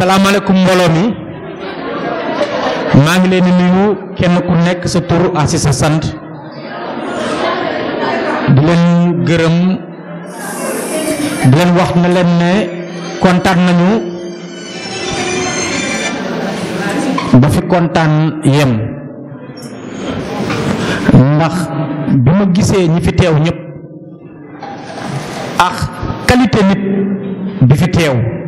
Assalamualaikum mbooloo mi maa ngi len di nuyu kenn ku nek sa tour ak si sa di len geureum di len wax na len ne contane nañu ba fi contane yem ndax bima ma ñi fi ñep ak qualité nit bi fi teew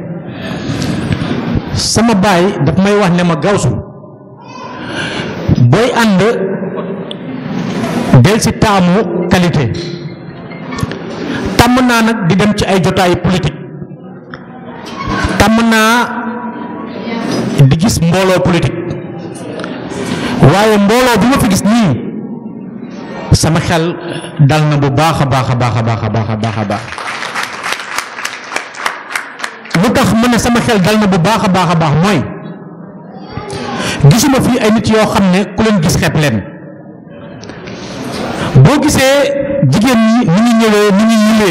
sama baay daf may wax ne ma gawsu booy ànd del si taamu qualité tàmm naa nag di dem ci ay jotaayu politique tàmm naa di gis mbooloo politique waaye mbooloo bi ma fi gis nii sama xel dal na bu baax a baax a baax a baax a baax a baax lu tax sama xel dal na bu baaxa baaxa baax moy gisuma fi ay nit yo xam ku leen gis xep leen bo gisé jigen ni ñu ñëwee ni ñu ñëwé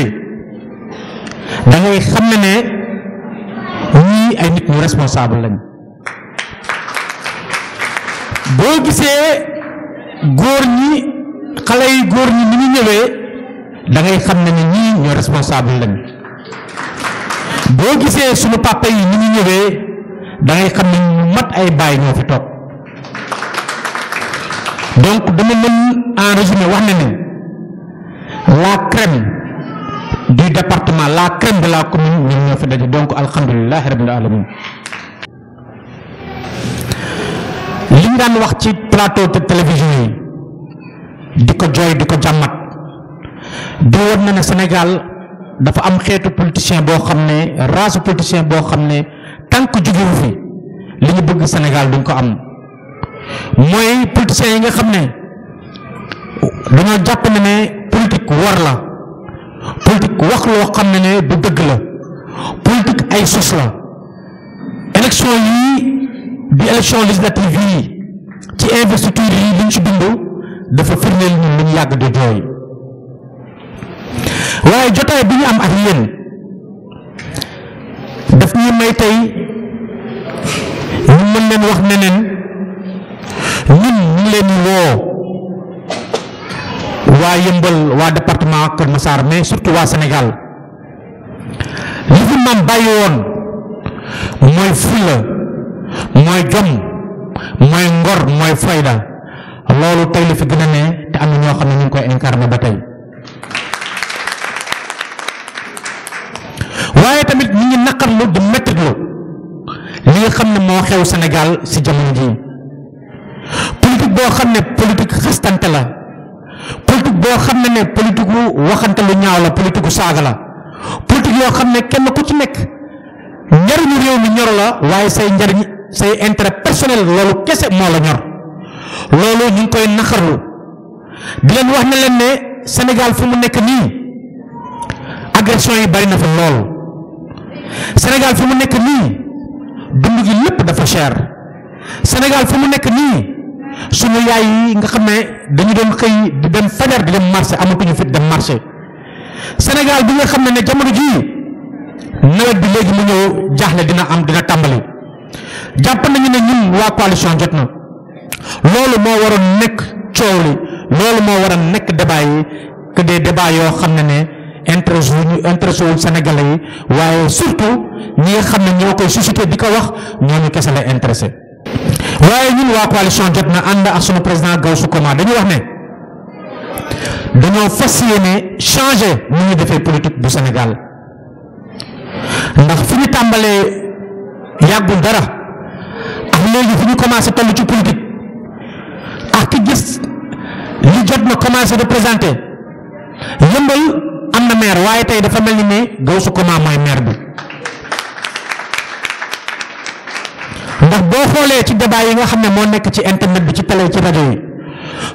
da ngay xam né ñi ay nit ñu responsable lañ bo gisé goor ñi xalé yi goor ñi ni ñu ñëwé da ngay xam ne ñi ñu responsable lañ bo gisé suñu papa yi ñu ñëwé da ngay xam mat ay bay ñoo fi top. donc dama mën en résumé wax na ni la crème du département la crème de la commune ñu ñoo fi dajé donc alhamdulilah rabbil alamin li ñu wax ci plateau de télévision yi di ko jooy di di na Sénégal dafa am xeetu politicien boo xam ne race politicien boo xam ne tànk jugewu fi li ñu bëgg Sénégal duñ ko am mooy politiciens yi nga xam ne dañoo jàpp ne ne politique war la politique wax loo xam ne ne du dëgg la politique ay sos la élection yii di élection législative yii ci investiture yi liñ ci dund dafa firndeel ñun luñ yàgg di jooy waye jotay biñu am ak yeen daf ñu may tay ñu mën leen wax neneen leen ñun ñu leen wo wa yembal wa département keur Massar mais surtout wa Sénégal ñu fi maam won moy mooy fulla mooy jom moy ngor moy fayda lolu tay la fi gëna né té am ñoo xam ñu koy incarner ba tay nakarlu di mettitlu li nga xamne mo xew senegal si jamono ji politique bo xamne ne politique xastante la politique bo xamne ne ne politique waxante lu ñaaw la politique saga la politique yo xamne ne kenn ku ci nekk ñu rew mi ñor la waaye say njariñ say intérêt personnel lolu kesse mo la ñor lolu ñu koy di len wax ne len ne senegal fu mu nek ni agression yi bari na fa lolu Sénégal fi mu nekk nii dund gi lépp dafa cher Sénégal fi mu nekk nii suñu yaay yi nga xam ne dañu doon xëy di dem fajar di dem marché amatuñu fit dem marché Sénégal bi nga xam ne ne jamono jii nawet bi léegi mu ñëw jaaxle dina am dina tàmbali jàpp nañu ne ñun waa coalition jot na loolu moo waroon nekk coow li loolu moo waroon nekk débat yi que des débats yoo xam ne ne. intéresse wuñu intéresse sénégalais yi waaye surtout ñi nga xam ne ñoo koy suscité di ko wax ñooñu kese la intéressé waaye ñun waa coalition jot na ànd ak sunu président Gaoussou Koma dañu wax ne dañoo fas yéene changer ni ñu defee politique bu Sénégal ndax fi ñu tàmbalee yàggul dara ak léegi fi ñu commencé toll ci politique ak ki gis li jot na commencé représenté yëmbal am na maire waaye tey dafa mel ni ne Gaoussou Koma mooy maire bi ndax boo xoolee ci débat yi nga xam ne moo nekk ci internet bi ci télé ci rajo yi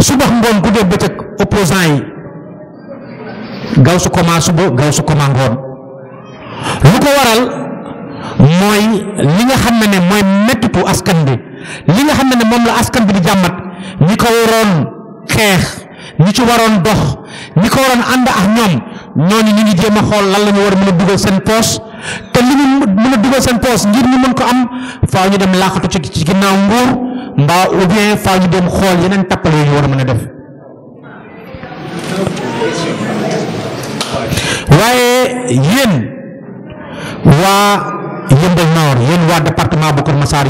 suba ngoon guddee bëccëg opposant yi Gaoussou Koma suba Gaoussou Koma ngoon lu ko waral mooy li nga xam ne ne mooy mettitu askan bi li nga xam ne ne moom la askan bi di jàmmat ñi ko waroon xeex ñi ci waroon dox ñi ko waroon ànd ak ñoom ñooñu ñu ngi jéem a xool lan la mu war a mën a dugal seen poos te li ñu mën a dugal seen poos ngir ñu mën ko am faaw ñu dem laaxatu ci ci ginnaaw nguur mbaa ou bien faaw ñu dem xool yeneen tappale yu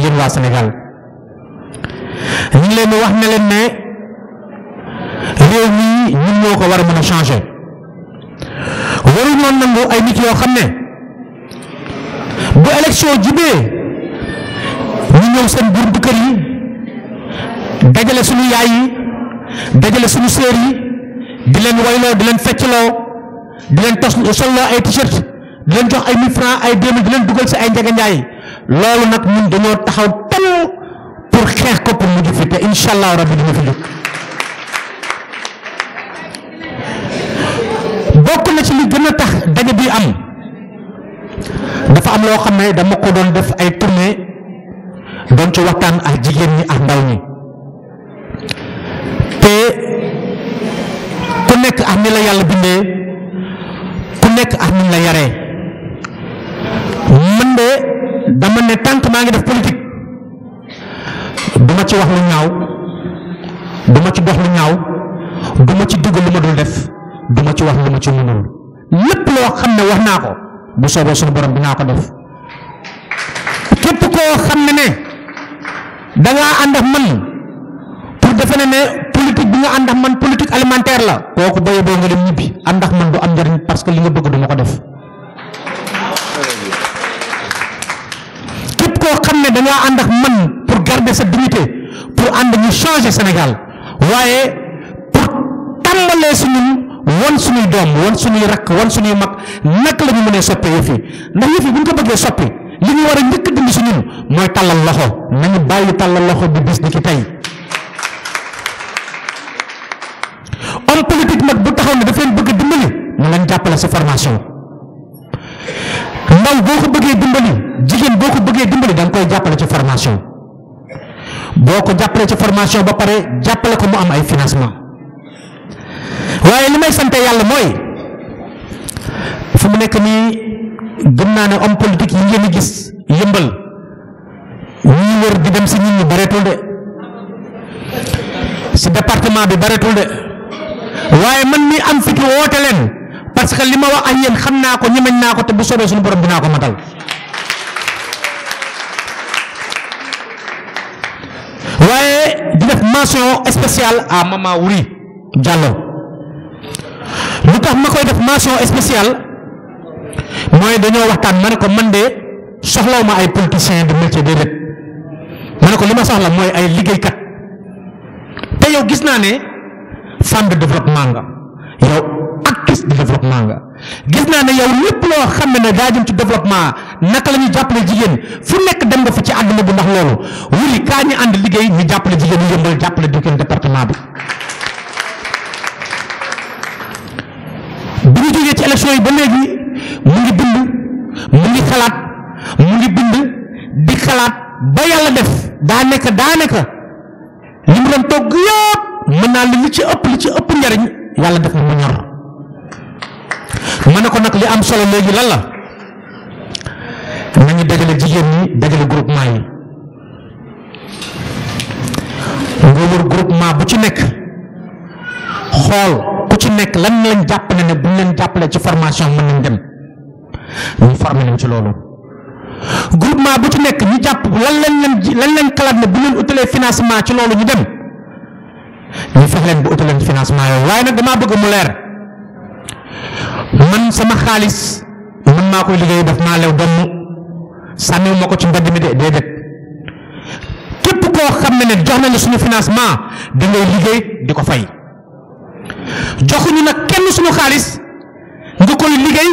ñu waa Sénégal ñu leen wax ne leen ne réew mi ñoo ko war a mën a changer waruñ noon nangu ay nit yoo xam ne bu élection jubee ñu ñëw seen buntu kër yi dajale suñu yaay yi dajale suñu séer yi di leen wayloo di leen feccloo di leen tos solloo ay t-shirt di leen jox ay mille ay deux di leen dugal si ay njaganjaay loolu nag ñun dañoo taxaw tal pour xeex ko mu jub fi te incha allah rabbi dina fi jóg na ci li gëna tax daje bi am dafa am lo xamné dama ko doon def ay tournée doon ci waxtan ak jigéen ñi ak ndaw ñi te ku nekk ak ni la yalla bindé ku nekk ak ni la yaré man dé dama né tank ma ngi def politique duma ci wax lu ñaaw duma ci dox lu ñaaw duma ci dugg lu dul def duma ci wax duma ci mënul lepp lo xamne wax naa ko bu sobo suñu borom dina ko def kep ko xamne ne da nga ànd ak man pour defe ne politique bi nga ànd ak man politique alimentaire la koku béyee boo nga dem ñibbi ànd ak man du am jarign parce que li nga bëgg duma ko def kep ko xamne da nga ànd ak man pour garder sa dignité pour and ñu changer Sénégal waye dimbalé suñu won suñu dom won suñu rak won suñu mak nak lañu mëne soppé yefi ndax yefi buñ ko bëggé soppé li ñu wara ñëk njëkk dindi si ñun mooy loxo nañu bayyi talal loxo bi bis ni tay on politique mak bu taxaw ni daf leen bëgg dimbali mu leen jappalé sa formation ndaw boko bëggé dimbali jigéen boo ko dimbali koy jappalé ci formation boko jappalé ci formation ba pare jappalé ko mu am ay financement waye limay sante yalla moy fu mu nekk nii gëm naa ne homme politique yi ngeen di gis yëmbal ñu wër di dem ci ñinni ñi bareetul de ci département bi bareetul de waye man mi am fi ci wote len parce que lima wax ak yeen xamna naa ko ñemeñ naa ko te bu soobee suñu borom dina ko matal waye di def mention spéciale à Mama Wuri Diallo tax makoy def mention spéciale moy dañu waxtan ma ko man de soxlaw ma ay politiciens de métier de ma ne ko li soxla moy ay liguey kat te yow gis na né fond de développement nga yow actrice de développement nga gis na né yow lepp lo xamné da jëm ci développement naka lañu jappalé jigen fu nek dem nga fi ci aduna bu ndax lolu wuri kaa ñu ànd liggéey ñu jappalé jigen ñu yëmbal du ken département bi bi ñu jógee ci élection yi ba léegi mu ngi bind mu ngi xalaat mu ngi bind di xalaat ba yàlla def daanaka daanaka li mu doon togg yëpp mën naa li ci ëpp li ci ëpp njariñ yàlla def na mu ñor ma ne ko nag li am solo léegi lan la nañu dajale jigéen ñi dajale groupement yi nga wër groupement bu ci nekk xool ci nekk lan leen jàpp na ne du leen jàppalee ci formation mën nañ dem ñu formé nañ ci loolu groupement bu ci nekk ñu jàpp lan lañ leen lan lañ xalaat ne bu leen utalee financement ci loolu ñu dem ñu fex leen bu utaleen financement yooyu waaye nag damaa bëgg mu leer man sama xaalis man maa koy liggéey daf maa lew domm sànniw ko ci mbedd mi de déedéet képp koo xam ne ne jox nañu suñu financement di liggéey di ko fay joxuñu nak kenn suñu xaaliss nga koy liggéey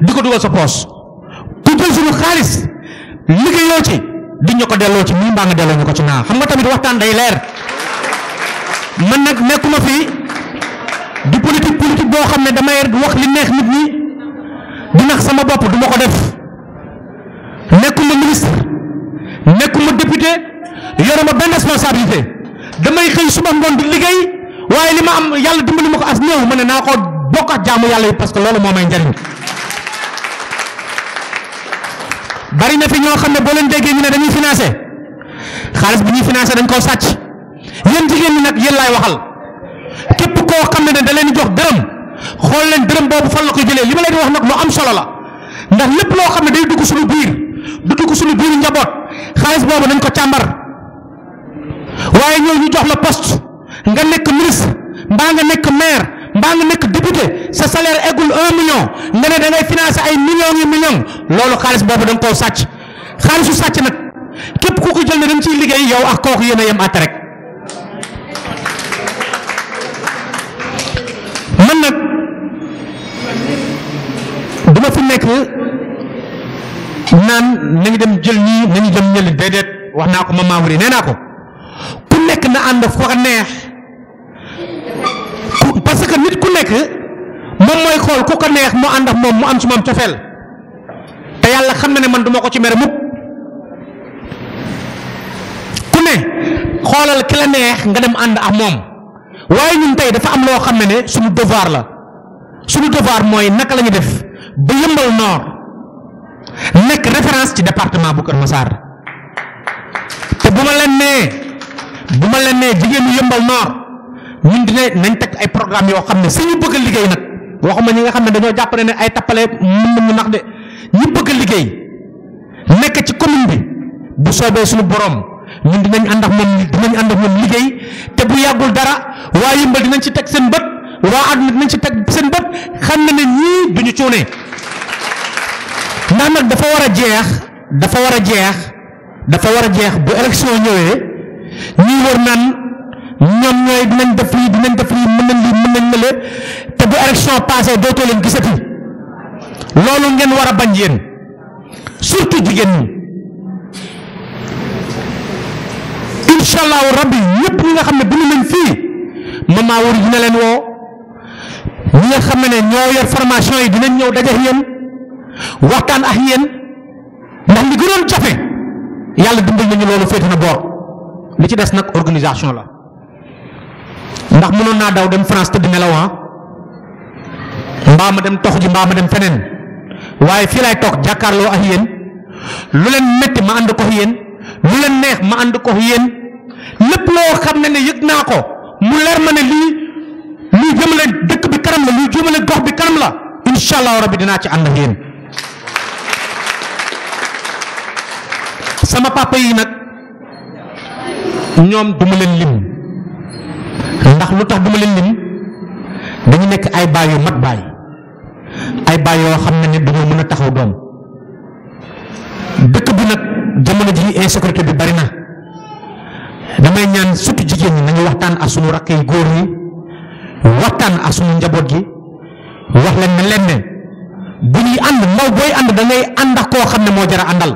di ko dugal sa poos ku jël suñu xaalis liggéeyoo ci di ñu ko delloo ci mi mbaa nga delloo ñu ko ci naa xam nga tamit waxtaan day leer man nag nekkuma fii di politique politique boo xam ne damay wax li neex nit ñi di nax sama bopp du ma ko def nekkuma ministre nekkuma député yoruma benn responsabilité damay xëy suma ngoon di liggéey waye li ma am yalla dimbali mako as néew mané nako naa ko bokk ak jaamu yàlla yi parce que lolu momay may bari na fi ñoo xam bo leen déggé ñu né dañuy financer xaaliss bu ñuy financer dañ ko sacc yeen jigéen ni nak yeen lay waxal kep ko xam da leen jox dërëm xol leen dërëm bobu fan la ko jëlé lima ma leen wax nak lu am solo la ndax lepp lo xam day dugg suñu biir du dugg suñu biir njaboot xaaliss bobu dañ ko chambar waye ñoo ñu jox la poste nga nekk ministre mbaa nga nekk maire mbaa nga nekk député sa salaire eggul un million nga ne da ngay ay millions yu millions loolu xaalis boobu da nga koo sàcc xaalisu sàcc nag képp ku ko jël ne da nga ciy liggéey yow ak kooku yéen a yem àtte rek man nag du ma fi nekk naan nañu dem jël ñii nañu dem ñëli déedéet wax naa ko ma Mamour nee naa ko ku nekk na ànd foo neex. parce que nit ku nekk moom mooy xool ku ko neex mu ànd ak moom mu am ci moom cofeel te yàlla xam na ne man duma ko ci mere mukk ku ne xoolal ki la neex nga dem ànd ak moom waaye ñun tey dafa am loo xam ne ne sum devoir la suñu devoir mooy naka la ñu def ba yëmbal noor nekk référence ci département bu Kër Massar te bu ma leen nee bu ma leen nee jigéenu yëmbal noor ñun dina nañ teg ay programme yoo xam ne suñu bëgg liggéey nag waxuma ñi nga dañoo ne ay de ñi bëgg liggéey nekk ci commune bi bu suñu borom ñun dinañ ànd ak moom dinañ ànd ak moom liggéey te bu yàggul dara waa yëmbal dinañ ci teg seen bët waa àdduna dinañ ci teg seen bët xam ne duñu dafa jeex dafa jeex dafa jeex bu élection ñoom ñooy dinañ def lii dinañ def lii mën nañ lii mën nañ lële te bu élection passé dootoo leen gisati loolu ngeen war a bañ yéen surtout jigéen ñi incha allahu rabbi ñëpp ñi nga xam ne bu ñu leen fii maman wër dina leen woo ñi nga xam ne ñoo yor formation yi dinañ ñëw daje ak waxtaan ak yéen ndax li gënoon jafe yàlla dimbal nañu loolu féete na boor li ci des nag organisation la. ndax mënoon naa daw dem France tëdd nelaw ah mbaa ma dem tox ji mbaa ma dem feneen waaye fii laay toog jàkkaarloo ak yéen lu leen métti ma ànd ko yéen lu leen neex ma ànd ko yéen lépp loo xam ne ni yëg naa ko mu leer ma ne lii luy jëmale dëkk bi kanam la luy jëmale gox bi kanam la incha rab rabbi dinaa ci ànd ak yéen sama papa yi nag ñoom duma leen lim. ndax lutax buma len leen lim dañu nek ay baay yu mat baay ay baay yo xam ni dañoo mën taxaw doom dekk bi nak jamono ji insécurité bi bari na damay ñaan suttu jigeen ni nañu waxtaan ak suñu rakk goor ni waxtaan ak suñu njabot gi wax leen ne leen ne bu ñuy ànd ndaw booy ànd da ngay ànd ak koo xam ne moo jara àndal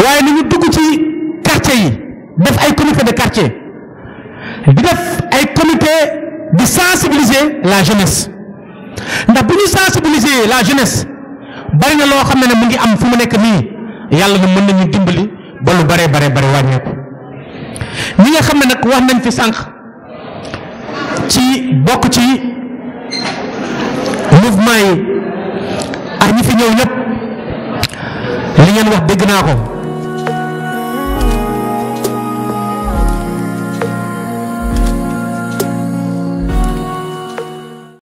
waaye ñu dugg ci quartier yi def ay comité de quartier di def ay comité di sensibiliser la jeunesse ndax bu ñu sensibiliser la jeunesse bari na loo xam ne ne mu ngi am fu mu nekk nii yàlla na mën nañu dimbali ba lu bare bare bare wàññeeku ñi nga xam ne nag wax nañ fi sànq ci bokk ci mouvement yi ak ñi fi ñëw ñëpp li ngeen wax dégg naa ko